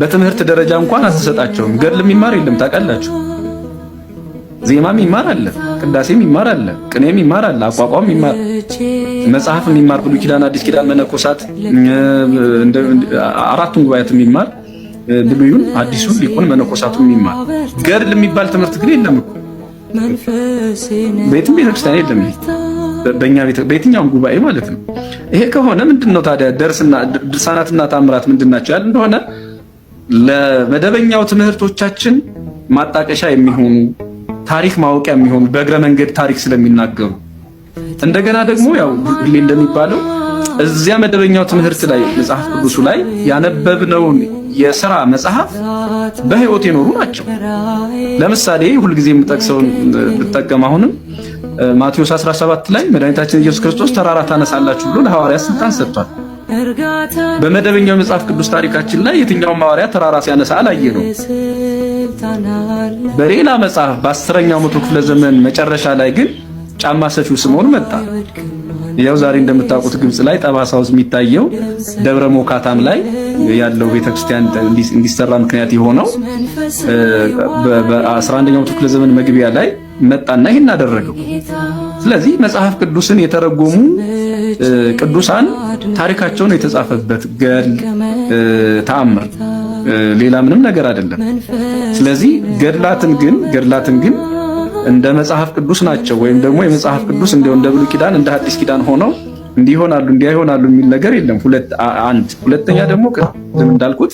በትምህርት ደረጃ እንኳን አትሰጣቸውም። ገድል የሚማር የለም ታውቃላችሁ። ዜማም ይማር አለ፣ ቅዳሴም ይማር አለ፣ ቅኔም ይማር አለ፣ አቋቋም ይማር፣ መጽሐፍ ይማር ብሉይ ኪዳን፣ አዲስ ኪዳን፣ መነኮሳት አራቱን ጉባኤት የሚማር ብሉዩን፣ አዲሱን፣ ሊቁን፣ መነኮሳቱን የሚማር ገድል የሚባል ትምህርት ግን የለም እኮ በየትም ቤተክርስቲያን የለም። በእኛ ቤት በየትኛውም ጉባኤ ማለት ነው። ይሄ ከሆነ ምንድነው ታዲያ ደርስና ድርሳናትና ታምራት ምንድናቸው ያል እንደሆነ ለመደበኛው ትምህርቶቻችን ማጣቀሻ የሚሆኑ ታሪክ ማወቂያ የሚሆኑ በእግረ መንገድ ታሪክ ስለሚናገሩ እንደገና ደግሞ ያው ሁሌ እንደሚባለው እዚያ መደበኛው ትምህርት ላይ መጽሐፍ ቅዱሱ ላይ ያነበብነውን የስራ መጽሐፍ በህይወት የኖሩ ናቸው። ለምሳሌ ሁልጊዜ የምጠቅሰውን ብጠቀም አሁንም ማቴዎስ 17 ላይ መድኃኒታችን ኢየሱስ ክርስቶስ ተራራ ታነሳላችሁ ብሎ ለሐዋርያት ስልጣን ሰጥቷል። በመደበኛው መጽሐፍ ቅዱስ ታሪካችን ላይ የትኛውም ሐዋርያ ተራራ ሲያነሳ አላየ ነው። በሌላ መጽሐፍ በአስረኛው መቶ ክፍለ ዘመን መጨረሻ ላይ ግን ጫማ ሰፊው ስምዖን መጣ። ያው ዛሬ እንደምታውቁት ግብጽ ላይ ጠባሳው የሚታየው ደብረ ሞካታም ላይ ያለው ቤተክርስቲያን እንዲሰራ ምክንያት የሆነው በ11ኛው መቶ ክፍለ ዘመን መግቢያ ላይ መጣና ይህን አደረገው። ስለዚህ መጽሐፍ ቅዱስን የተረጎሙ ቅዱሳን ታሪካቸውን የተጻፈበት ገድል ተአምር፣ ሌላ ምንም ነገር አይደለም። ስለዚህ ገድላትን ግን ገድላትን ግን እንደ መጽሐፍ ቅዱስ ናቸው ወይም ደግሞ የመጽሐፍ ቅዱስ እንደው እንደ ብሉይ ኪዳን እንደ አዲስ ኪዳን ሆነው እንዲሆናሉ እንዲያ ይሆናሉ የሚል ነገር የለም። ሁለት አንድ ሁለተኛ ደግሞ ቅድም እንዳልኩት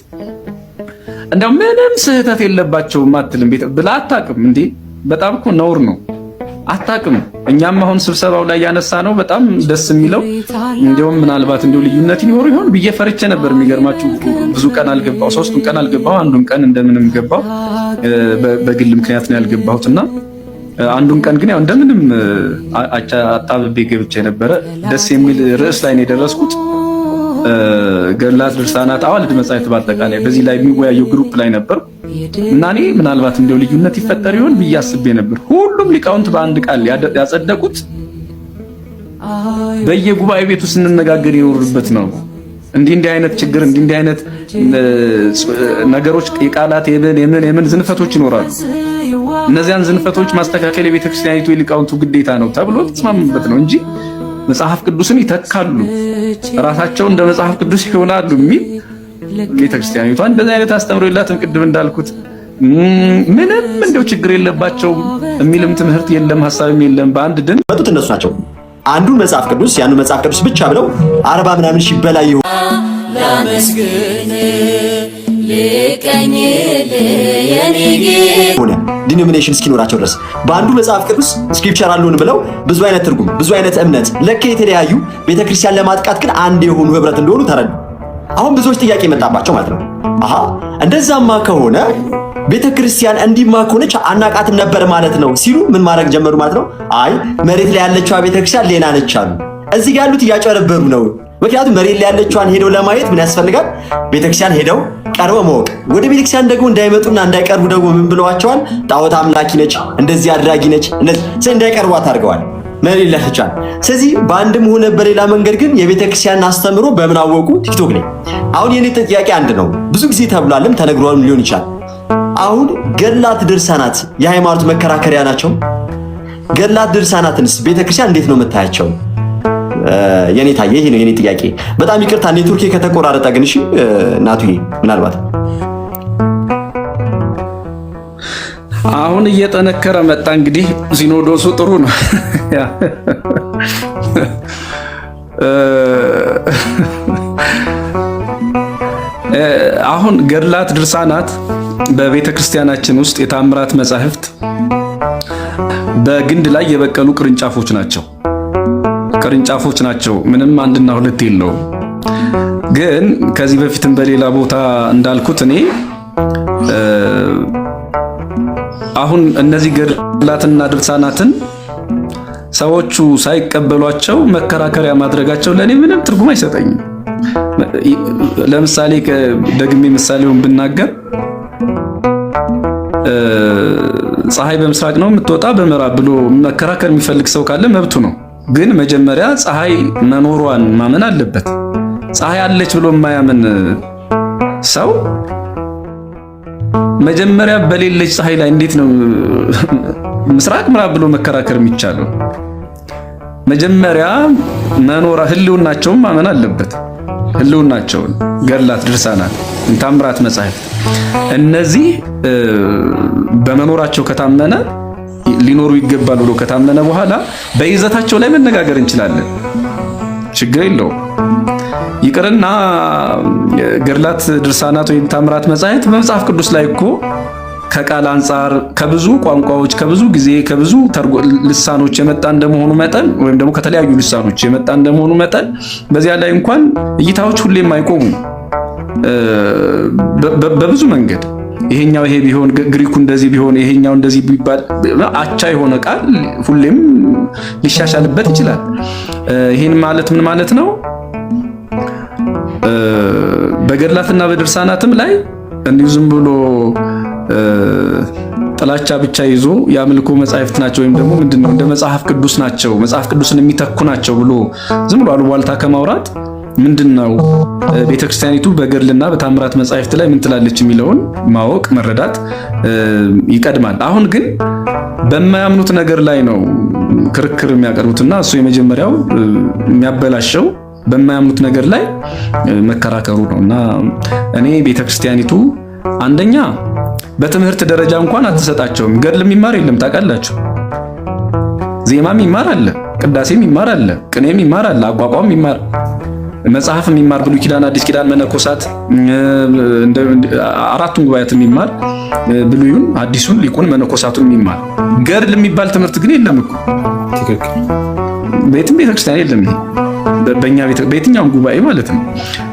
እንደው ምንም ስህተት የለባቸውም አትልም ብላ አታውቅም። እንዴ በጣም እኮ ነውር ነው። አታቅም። እኛም አሁን ስብሰባው ላይ ያነሳ ነው በጣም ደስ የሚለው እንዲሁም ምናልባት እንዲሁ ልዩነት ይኖሩ ይሆን ብዬ ፈርቼ ነበር። የሚገርማችሁ ብዙ ቀን አልገባው፣ ሶስቱን ቀን አልገባው፣ አንዱን ቀን እንደምንም ገባው። በግል ምክንያት ነው ያልገባሁት እና አንዱን ቀን ግን ያው እንደምንም አጣብቤ ገብቼ ነበረ። ደስ የሚል ርዕስ ላይ ነው የደረስኩት። ገድላት፣ ድርሳናት፣ አዋልድ መጻሕፍት በአጠቃላይ በዚህ ላይ የሚወያየው ግሩፕ ላይ ነበር። እና እኔ ምናልባት እንደው ልዩነት ይፈጠር ይሆን ብዬ አስቤ ነበር። ሁሉም ሊቃውንት በአንድ ቃል ያጸደቁት በየጉባኤ ቤቱ ስንነጋገር የኖርበት ነው። እንዲህ እንዲህ አይነት ችግር እንዲህ እንዲህ አይነት ነገሮች የቃላት የምን የምን የምን ዝንፈቶች ይኖራሉ። እነዚያን ዝንፈቶች ማስተካከል የቤተ ክርስቲያኒቱ የሊቃውንቱ ግዴታ ነው ተብሎ ተስማምበት ነው እንጂ መጽሐፍ ቅዱስን ይተካሉ ራሳቸው እንደ መጽሐፍ ቅዱስ ይሆናሉ የሚል ቤተክርስቲያኒቷን እንደዚህ አይነት አስተምሮ የላትም። ቅድም እንዳልኩት ምንም እንደው ችግር የለባቸውም የሚልም ትምህርት የለም፣ ሀሳብም የለም። በአንድ ድን መጡት እነሱ ናቸው። አንዱን መጽሐፍ ቅዱስ ያንን መጽሐፍ ቅዱስ ብቻ ብለው አርባ ምናምን ሺህ በላይ ይሆ ሆነ ዲኖሚኔሽን እስኪኖራቸው ድረስ በአንዱ መጽሐፍ ቅዱስ ስክሪፕቸር አሉን ብለው ብዙ አይነት ትርጉም ብዙ አይነት እምነት ለከ የተለያዩ ቤተክርስቲያን ለማጥቃት ግን አንድ የሆኑ ህብረት እንደሆኑ ተረዱ። አሁን ብዙዎች ጥያቄ የመጣባቸው ማለት ነው። አሀ እንደዛማ ከሆነ ቤተ ክርስቲያን እንዲማ ከሆነች አናቃትም ነበር ማለት ነው ሲሉ ምን ማድረግ ጀመሩ ማለት ነው። አይ መሬት ላይ ያለችዋ ቤተ ክርስቲያን ሌላ ነች አሉ። እዚህ ጋር ያሉት እያጨረበሩ ነው። ምክንያቱም መሬት ላይ ያለችዋን ሄደው ለማየት ምን ያስፈልጋል? ክርስቲያን ሄደው ቀርበ ማወቅ። ወደ ቤተክርስቲያን ደግሞ እንዳይመጡና እንዳይቀርቡ ደግሞ ምን ብለዋቸዋል? ጣዖት አምላኪ ነች፣ እንደዚህ አድራጊ ነች፣ እንዳይቀርቧት አድርገዋል። መለለፍ ይቻል። ስለዚህ በአንድም ሆነ በሌላ መንገድ ግን የቤተክርስቲያንን አስተምሮ በምን አወቁ? ቲክቶክ ላይ። አሁን የኔ ጥያቄ አንድ ነው። ብዙ ጊዜ ተብሏልም ተነግሯልም ሊሆን ይችላል። አሁን ገላት ድርሳናት የሃይማኖት መከራከሪያ ናቸው። ገላት ድርሳናትንስ ክርስቲያን እንዴት ነው የምታያቸው? የኔ ታየ ይሄ ነው የኔ ጥያቄ። በጣም ይቅርታ ኔትወርኬ ከተቆራረጠ ግን እሺ እናቱ ምናልባት አሁን እየጠነከረ መጣ። እንግዲህ ሲኖዶሱ ጥሩ ነው። አሁን ገድላት፣ ድርሳናት በቤተ ክርስቲያናችን ውስጥ የታምራት መጻሕፍት በግንድ ላይ የበቀሉ ቅርንጫፎች ናቸው። ቅርንጫፎች ናቸው። ምንም አንድና ሁለት የለውም። ግን ከዚህ በፊትም በሌላ ቦታ እንዳልኩት እኔ አሁን እነዚህ ገድላትና ድርሳናትን ሰዎቹ ሳይቀበሏቸው መከራከሪያ ማድረጋቸው ለእኔ ምንም ትርጉም አይሰጠኝም። ለምሳሌ ደግሜ ምሳሌውን ብናገር ፀሐይ በምስራቅ ነው የምትወጣ በምዕራብ ብሎ መከራከር የሚፈልግ ሰው ካለ መብቱ ነው። ግን መጀመሪያ ፀሐይ መኖሯን ማመን አለበት። ፀሐይ አለች ብሎ የማያምን ሰው መጀመሪያ በሌለች ፀሐይ ላይ እንዴት ነው ምስራቅ ምዕራብ ብሎ መከራከር የሚቻለው? መጀመሪያ መኖራ ህልውናቸውን ማመን አለበት። ህልውናቸውን ገላት፣ ድርሳናት፣ እንታምራት መጻሕፍት እነዚህ በመኖራቸው ከታመነ ሊኖሩ ይገባል ብሎ ከታመነ በኋላ በይዘታቸው ላይ መነጋገር እንችላለን። ችግር የለውም። ይቅርና ገድላት፣ ድርሳናት ወይም ታምራት መጻሕፍት በመጽሐፍ ቅዱስ ላይ እኮ ከቃል አንጻር ከብዙ ቋንቋዎች ከብዙ ጊዜ ከብዙ ልሳኖች የመጣ እንደመሆኑ መጠን ወይም ደግሞ ከተለያዩ ልሳኖች የመጣ እንደመሆኑ መጠን በዚያ ላይ እንኳን እይታዎች ሁሌም አይቆሙም። በብዙ መንገድ ይሄኛው ይሄ ቢሆን ግሪኩ እንደዚህ ቢሆን ይሄኛው እንደዚህ ቢባል አቻ የሆነ ቃል ሁሌም ሊሻሻልበት ይችላል። ይህን ማለት ምን ማለት ነው? በገድላትና በድርሳናትም ላይ እንዲሁ ዝም ብሎ ጥላቻ ብቻ ይዞ የአምልኮ መጻሕፍት ናቸው ወይም ደግሞ ምንድነው እንደ መጽሐፍ ቅዱስ ናቸው መጽሐፍ ቅዱስን የሚተኩ ናቸው ብሎ ዝም ብሎ አሉባልታ ከማውራት ምንድነው ቤተክርስቲያኒቱ በገድልና በታምራት መጻሕፍት ላይ ምን ትላለች የሚለውን ማወቅ መረዳት ይቀድማል። አሁን ግን በማያምኑት ነገር ላይ ነው ክርክር የሚያቀርቡትና እሱ የመጀመሪያው የሚያበላሸው በማያምኑት ነገር ላይ መከራከሩ ነው እና እኔ ቤተክርስቲያኒቱ አንደኛ በትምህርት ደረጃ እንኳን አትሰጣቸውም። ገድል የሚማር የለም ታውቃላችሁ። ዜማም ይማር አለ፣ ቅዳሴም ይማር አለ፣ ቅኔም ይማር አለ፣ አቋቋም ይማር፣ መጽሐፍ የሚማር ብሉይ ኪዳን፣ አዲስ ኪዳን፣ መነኮሳት አራቱን ጉባኤያት የሚማር ብሉዩን፣ አዲሱን፣ ሊቁን፣ መነኮሳቱን የሚማር ገድል የሚባል ትምህርት ግን የለም እኮ ቤትም ቤተክርስቲያን የለም። በእኛ በየትኛውም ጉባኤ ማለት ነው።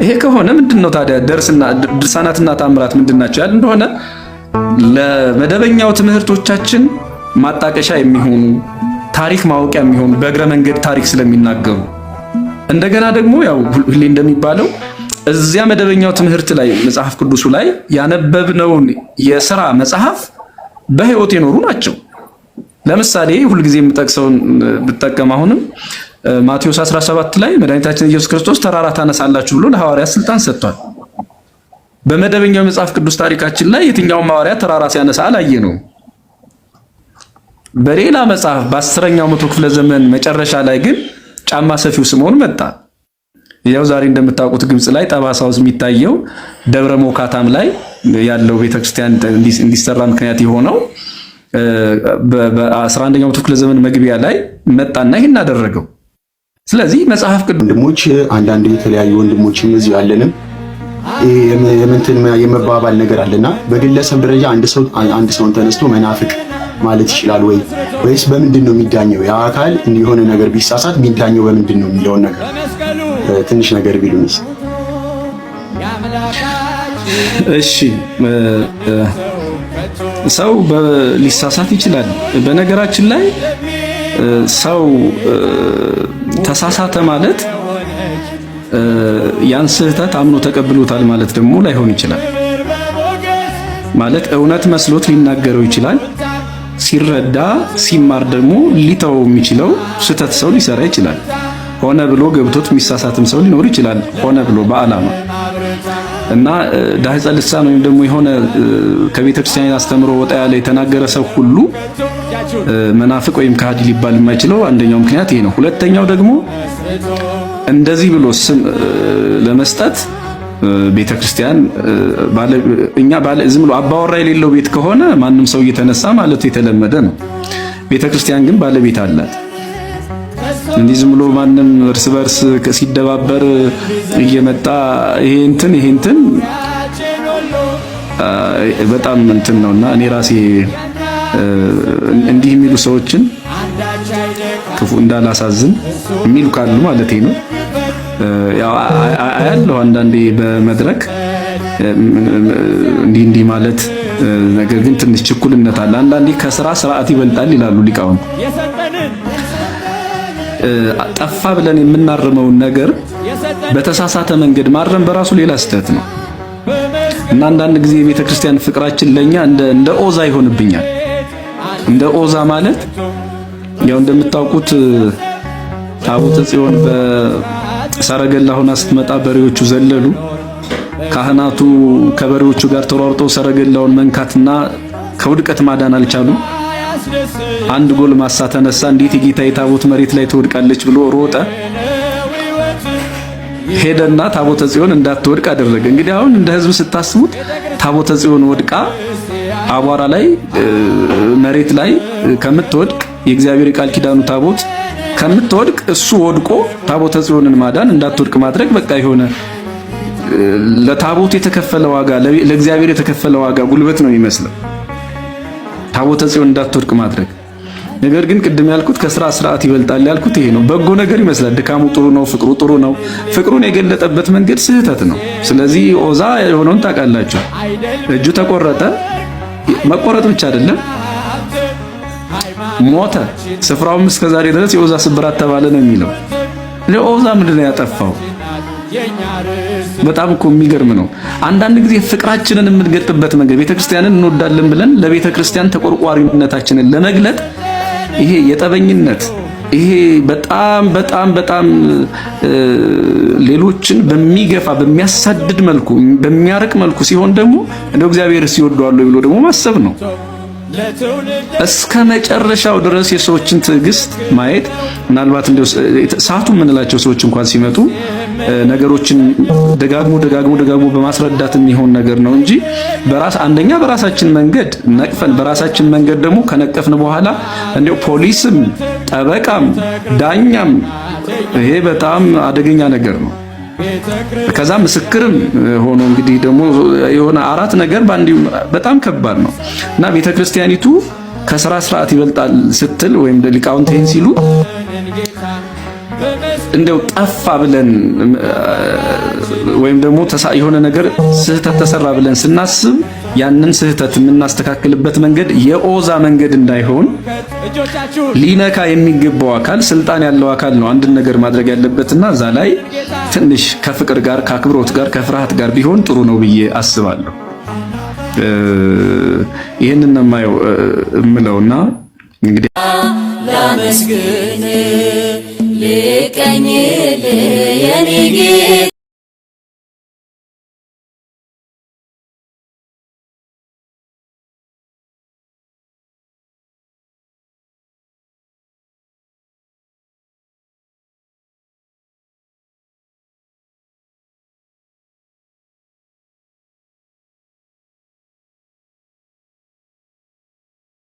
ይሄ ከሆነ ምንድን ነው ታዲያ ድርሳናትና ታምራት ምንድን ናቸው ያል እንደሆነ ለመደበኛው ትምህርቶቻችን ማጣቀሻ የሚሆኑ ታሪክ ማወቂያ የሚሆኑ በእግረ መንገድ ታሪክ ስለሚናገሩ እንደገና ደግሞ ያው ሁሌ እንደሚባለው እዚያ መደበኛው ትምህርት ላይ መጽሐፍ ቅዱሱ ላይ ያነበብነውን የሥራ መጽሐፍ በህይወት የኖሩ ናቸው። ለምሳሌ ሁልጊዜ የምጠቅሰውን ብጠቀም አሁንም ማቴዎስ 17 ላይ መድኃኒታችን ኢየሱስ ክርስቶስ ተራራ ታነሳላችሁ ብሎ ለሐዋርያት ስልጣን ሰጥቷል። በመደበኛው መጽሐፍ ቅዱስ ታሪካችን ላይ የትኛውም ሐዋርያ ተራራ ሲያነሳ አላየነውም። በሌላ መጽሐፍ በአስረኛው መቶ ክፍለ ዘመን መጨረሻ ላይ ግን ጫማ ሰፊው ስምዖን መጣ። ያው ዛሬ እንደምታውቁት ግብጽ ላይ ጠባሳውስ የሚታየው ደብረ ሞካታም ላይ ያለው ቤተክርስቲያን እንዲሰራ ምክንያት የሆነው በ11ኛው መቶ ክፍለ ዘመን መግቢያ ላይ መጣና ይህን አደረገው። ስለዚህ መጽሐፍ ቅዱስ ወንድሞች አንዳንድ የተለያዩ ወንድሞች እዚሁ ያለንም የምንትን የመባባል ነገር አለና በግለሰብ ደረጃ አንድ ሰው አንድ ሰውን ተነስቶ መናፍቅ ማለት ይችላል ወይ ወይስ በምንድን ነው የሚዳኘው? ያ አካል የሆነ ነገር ቢሳሳት የሚዳኘው በምንድን ነው የሚለውን ነገር ትንሽ ነገር ቢሉንስ። እሺ ሰው ሊሳሳት ይችላል። በነገራችን ላይ ሰው ተሳሳተ ማለት ያን ስህተት አምኖ ተቀብሎታል ማለት ደግሞ ላይሆን ይችላል። ማለት እውነት መስሎት ሊናገረው ይችላል። ሲረዳ ሲማር ደግሞ ሊተው የሚችለው ስህተት ሰው ሊሰራ ይችላል። ሆነ ብሎ ገብቶት የሚሳሳትም ሰው ሊኖር ይችላል። ሆነ ብሎ በዓላማ እና ዳህጸ ልሳን ወይም ደግሞ የሆነ ከቤተ ክርስቲያን አስተምሮ ወጣ ያለ የተናገረ ሰው ሁሉ መናፍቅ ወይም ከሃዲ ሊባል የማይችለው አንደኛው ምክንያት ይሄ ነው። ሁለተኛው ደግሞ እንደዚህ ብሎ ስም ለመስጠት ቤተ ክርስቲያን እኛ ባለ ዝም ብሎ አባወራ የሌለው ቤት ከሆነ ማንም ሰው እየተነሳ ማለት የተለመደ ነው። ቤተ ክርስቲያን ግን ባለቤት አላት። እንዲህ ዝም ብሎ ማንም እርስ በርስ ሲደባበር እየመጣ ይሄ እንትን ይሄ እንትን በጣም እንትን ነውና እኔ ራሴ እንዲህ የሚሉ ሰዎችን ክፉ እንዳላሳዝን የሚሉ ካሉ ማለት ነው። ያው አያለሁ አንዳንዴ በመድረክ እንዲህ እንዲህ ማለት ነገር ግን ትንሽ ችኩልነት አለ። አንዳንዴ ከስራ ስርዓት ይበልጣል ይላሉ ሊቃውንት። ጠፋ ብለን የምናርመውን ነገር በተሳሳተ መንገድ ማረም በራሱ ሌላ ስህተት ነው እና አንዳንድ ጊዜ የቤተ ክርስቲያን ፍቅራችን ለኛ እንደ እንደ ኦዛ ይሆንብኛል። እንደ ኦዛ ማለት ያው እንደምታውቁት ታቦተ ጽዮን በሰረገላ ሆና ስትመጣ በሬዎቹ ዘለሉ። ካህናቱ ከበሬዎቹ ጋር ተሯርጦ ሰረገላውን መንካትና ከውድቀት ማዳን አልቻሉም። አንድ ጎልማሳ ተነሳ፣ እንዴት የጌታዬ ታቦት መሬት ላይ ትወድቃለች ብሎ ሮጠ። ሄደና ታቦተ ጽዮን እንዳትወድቅ አደረገ። እንግዲህ አሁን እንደ ህዝብ ስታስቡት ታቦተ ጽዮን ወድቃ አቧራ ላይ መሬት ላይ ከምትወድቅ የእግዚአብሔር የቃል ኪዳኑ ታቦት ከምትወድቅ እሱ ወድቆ ታቦተ ጽዮንን ማዳን እንዳትወድቅ ማድረግ በቃ የሆነ ለታቦት የተከፈለ ዋጋ ለእግዚአብሔር የተከፈለ ዋጋ ጉልበት ነው የሚመስለው። ታቦተ ጽዮን እንዳትወድቅ ማድረግ። ነገር ግን ቅድም ያልኩት ከስራ ስርዓት ይበልጣል ያልኩት ይሄ ነው። በጎ ነገር ይመስላል፣ ድካሙ ጥሩ ነው፣ ፍቅሩ ጥሩ ነው። ፍቅሩን የገለጠበት መንገድ ስህተት ነው። ስለዚህ ኦዛ የሆነውን ታውቃላችሁ። እጁ ተቆረጠ። መቆረጥ ብቻ አይደለም ሞተ። ስፍራውም እስከዛሬ ድረስ የኦዛ ስብራት ተባለ ነው የሚለው። ኦዛ ምንድነው ያጠፋው? በጣም እኮ የሚገርም ነው። አንዳንድ ጊዜ ፍቅራችንን የምንገልጥበት መንገድ ቤተክርስቲያንን እንወዳለን ብለን ለቤተክርስቲያን ተቆርቋሪነታችንን ለመግለጥ ይሄ የጠበኝነት ይሄ በጣም በጣም በጣም ሌሎችን በሚገፋ በሚያሳድድ መልኩ በሚያርቅ መልኩ ሲሆን ደግሞ እንደው እግዚአብሔር ሲወደዋል ብሎ ደግሞ ማሰብ ነው። እስከ መጨረሻው ድረስ የሰዎችን ትዕግስት ማየት ምናልባት እንዲያው ሰዓቱ የምንላቸው ሰዎች እንኳን ሲመጡ ነገሮችን ደጋግሞ ደጋግሞ ደጋግሞ በማስረዳት የሚሆን ነገር ነው እንጂ በራስ አንደኛ በራሳችን መንገድ ነቅፈን በራሳችን መንገድ ደግሞ ከነቀፍን በኋላ እንደው ፖሊስም፣ ጠበቃም፣ ዳኛም ይሄ በጣም አደገኛ ነገር ነው። ከዛ ምስክርም ሆኖ እንግዲህ ደግሞ የሆነ አራት ነገር በአንድ በጣም ከባድ ነው እና ቤተክርስቲያኒቱ ከስራ ስርዓት ይበልጣል ስትል ወይም ሊቃውንት ይህን ሲሉ እንደው ጠፋ ብለን ወይም ደግሞ የሆነ ነገር ስህተት ተሰራ ብለን ስናስብ ያንን ስህተት የምናስተካክልበት መንገድ የኦዛ መንገድ እንዳይሆን ሊነካ የሚገባው አካል ስልጣን ያለው አካል ነው አንድን ነገር ማድረግ ያለበትና እዛ ላይ ትንሽ ከፍቅር ጋር ከአክብሮት ጋር ከፍርሃት ጋር ቢሆን ጥሩ ነው ብዬ አስባለሁ። ይህንን የማየው እምለውና እንግዲህ ላመስግን ልቀኝ የኔ